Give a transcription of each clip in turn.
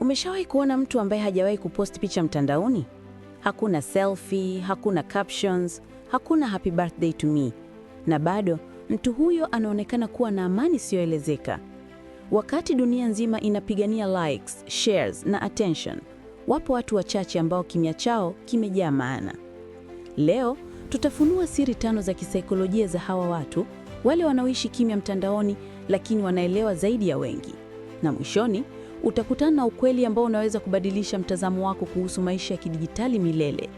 Umeshawahi kuona mtu ambaye hajawahi kupost picha mtandaoni? Hakuna selfie, hakuna captions, hakuna happy birthday to me, na bado mtu huyo anaonekana kuwa na amani isiyoelezeka. Wakati dunia nzima inapigania likes, shares na attention, wapo watu wachache ambao kimya chao kimejaa maana. Leo tutafunua siri tano za kisaikolojia za hawa watu, wale wanaoishi kimya mtandaoni, lakini wanaelewa zaidi ya wengi, na mwishoni utakutana na ukweli ambao unaweza kubadilisha mtazamo wako kuhusu maisha ya kidijitali milele.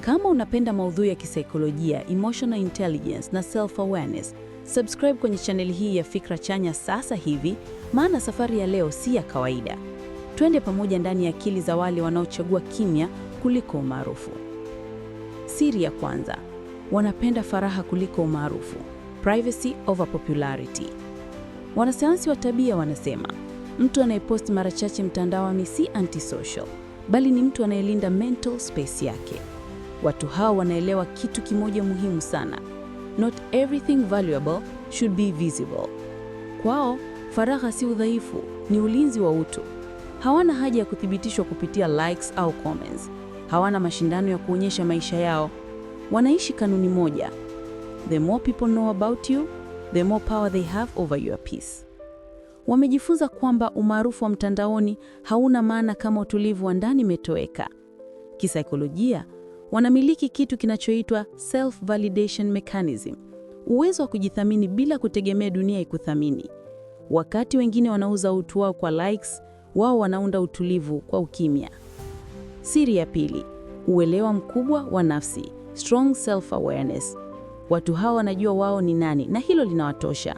Kama unapenda maudhui ya kisaikolojia, emotional intelligence na self awareness, subscribe kwenye chaneli hii ya Fikra Chanya sasa hivi, maana safari ya leo si ya kawaida. Twende pamoja ndani ya akili za wale wanaochagua kimya kuliko umaarufu. Siri ya kwanza, wanapenda faraha kuliko umaarufu, privacy over popularity. Wanasayansi wa tabia wanasema Mtu anayeposti mara chache mtandaoni si antisocial, bali ni mtu anayelinda mental space yake. Watu hao wanaelewa kitu kimoja muhimu sana. Not everything valuable should be visible. Kwao, faragha si udhaifu, ni ulinzi wa utu. Hawana haja ya kuthibitishwa kupitia likes au comments. Hawana mashindano ya kuonyesha maisha yao. Wanaishi kanuni moja. The more people know about you, the more power they have over your peace wamejifunza kwamba umaarufu wa mtandaoni hauna maana kama utulivu wa ndani umetoweka. Kisaikolojia, wanamiliki kitu kinachoitwa self validation mechanism, uwezo wa kujithamini bila kutegemea dunia ikuthamini. Wakati wengine wanauza utu wao kwa likes, wao wanaunda utulivu kwa ukimya. Siri ya pili, uelewa mkubwa wa nafsi, strong self awareness. Watu hawa wanajua wao ni nani na hilo linawatosha.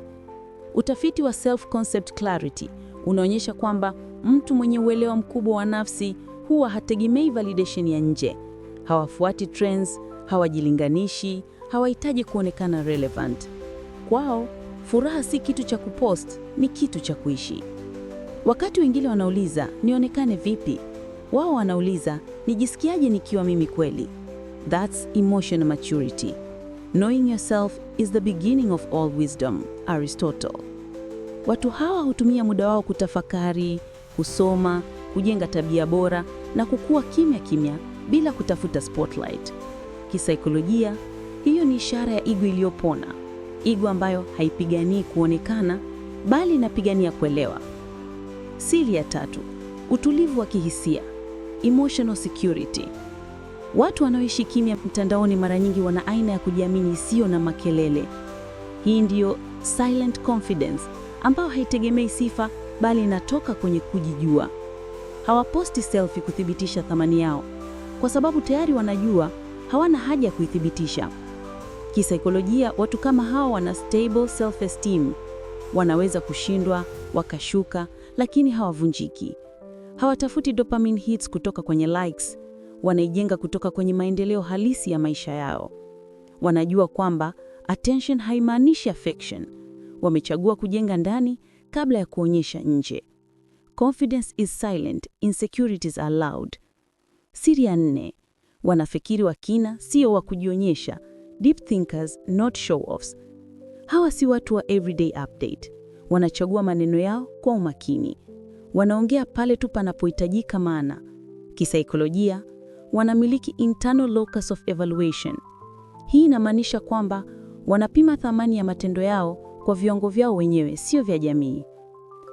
Utafiti wa Self Concept Clarity unaonyesha kwamba mtu mwenye uelewa mkubwa wa nafsi huwa hategemei validation ya nje. Hawafuati trends, hawajilinganishi, hawahitaji kuonekana relevant. Kwao furaha si kitu cha kupost, ni kitu cha kuishi. Wakati wengine wanauliza nionekane vipi, wao wanauliza nijisikiaje nikiwa mimi kweli. That's emotional maturity. Knowing yourself is the beginning of all wisdom, Aristotle. Watu hawa hutumia muda wao kutafakari, kusoma, kujenga tabia bora na kukua kimya kimya bila kutafuta spotlight. Kisaikolojia, hiyo ni ishara ya ego iliyopona, ego ambayo haipiganii kuonekana bali inapigania kuelewa. Siri ya tatu, utulivu wa kihisia, emotional security. Watu wanaoishi kimya mtandaoni mara nyingi wana aina ya kujiamini isiyo na makelele. Hii ndiyo silent confidence ambayo haitegemei sifa bali inatoka kwenye kujijua. Hawaposti selfie kuthibitisha thamani yao, kwa sababu tayari wanajua hawana haja ya kuithibitisha. Kisaikolojia, watu kama hao wana stable self esteem. Wanaweza kushindwa wakashuka, lakini hawavunjiki. Hawatafuti dopamine hits kutoka kwenye likes, wanaijenga kutoka kwenye maendeleo halisi ya maisha yao. Wanajua kwamba attention haimaanishi affection. Wamechagua kujenga ndani kabla ya kuonyesha nje. Confidence is silent, insecurities are loud. Siri ya nne, wanafikiri wa kina, sio wa kujionyesha. Deep thinkers not show-offs. Hawa si watu wa everyday update. Wanachagua maneno yao kwa umakini. Wanaongea pale tu panapohitajika maana. Kisaikolojia wanamiliki internal locus of evaluation. Hii inamaanisha kwamba wanapima thamani ya matendo yao kwa viwango vyao wenyewe, sio vya jamii.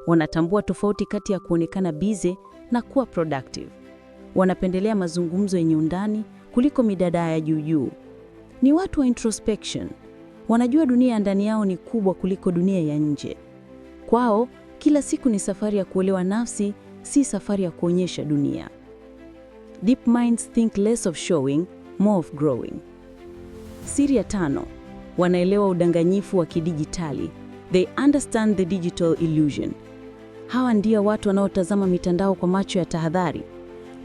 Wanatambua tofauti kati ya kuonekana bize na kuwa productive. Wanapendelea mazungumzo yenye undani kuliko midadaa ya juu juu. Ni watu wa introspection. Wanajua dunia ya ndani yao ni kubwa kuliko dunia ya nje. Kwao kila siku ni safari ya kuelewa nafsi, si safari ya kuonyesha dunia. Deep minds think less of showing, more of growing. Siri ya tano, wanaelewa udanganyifu wa kidijitali. They understand the digital illusion. Hawa ndio watu wanaotazama mitandao kwa macho ya tahadhari.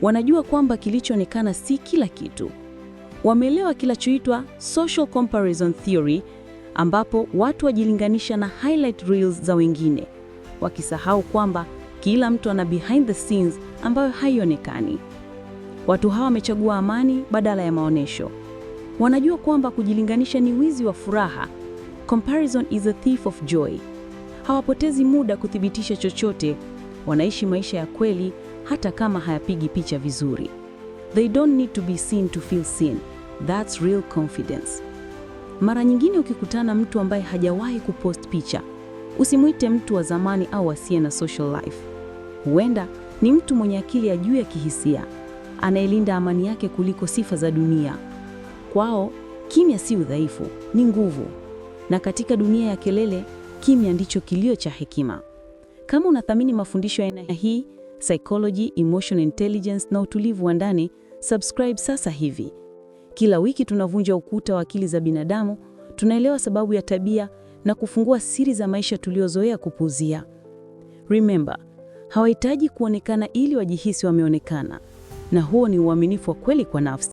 Wanajua kwamba kilichoonekana si kila kitu. Wameelewa kinachoitwa social comparison theory, ambapo watu wajilinganisha na highlight reels za wengine, wakisahau kwamba kila mtu ana behind the scenes ambayo haionekani. Watu hawa wamechagua amani badala ya maonesho. Wanajua kwamba kujilinganisha ni wizi wa furaha. Comparison is a thief of joy. Hawapotezi muda kuthibitisha chochote, wanaishi maisha ya kweli hata kama hayapigi picha vizuri. They don't need to be seen to feel seen. That's real confidence. Mara nyingine ukikutana mtu ambaye hajawahi kupost picha, usimwite mtu wa zamani au asiye na social life. Huenda ni mtu mwenye akili ya juu ya kihisia anayelinda amani yake kuliko sifa za dunia. Kwao kimya si udhaifu, ni nguvu, na katika dunia ya kelele, kimya ndicho kilio cha hekima. Kama unathamini mafundisho ya aina hii, psychology, emotional intelligence na utulivu wa ndani, subscribe sasa hivi. Kila wiki tunavunja ukuta wa akili za binadamu, tunaelewa sababu ya tabia na kufungua siri za maisha tuliozoea kupuuzia. Remember, hawahitaji kuonekana ili wajihisi wameonekana na huo ni uaminifu wa kweli kwa nafsi.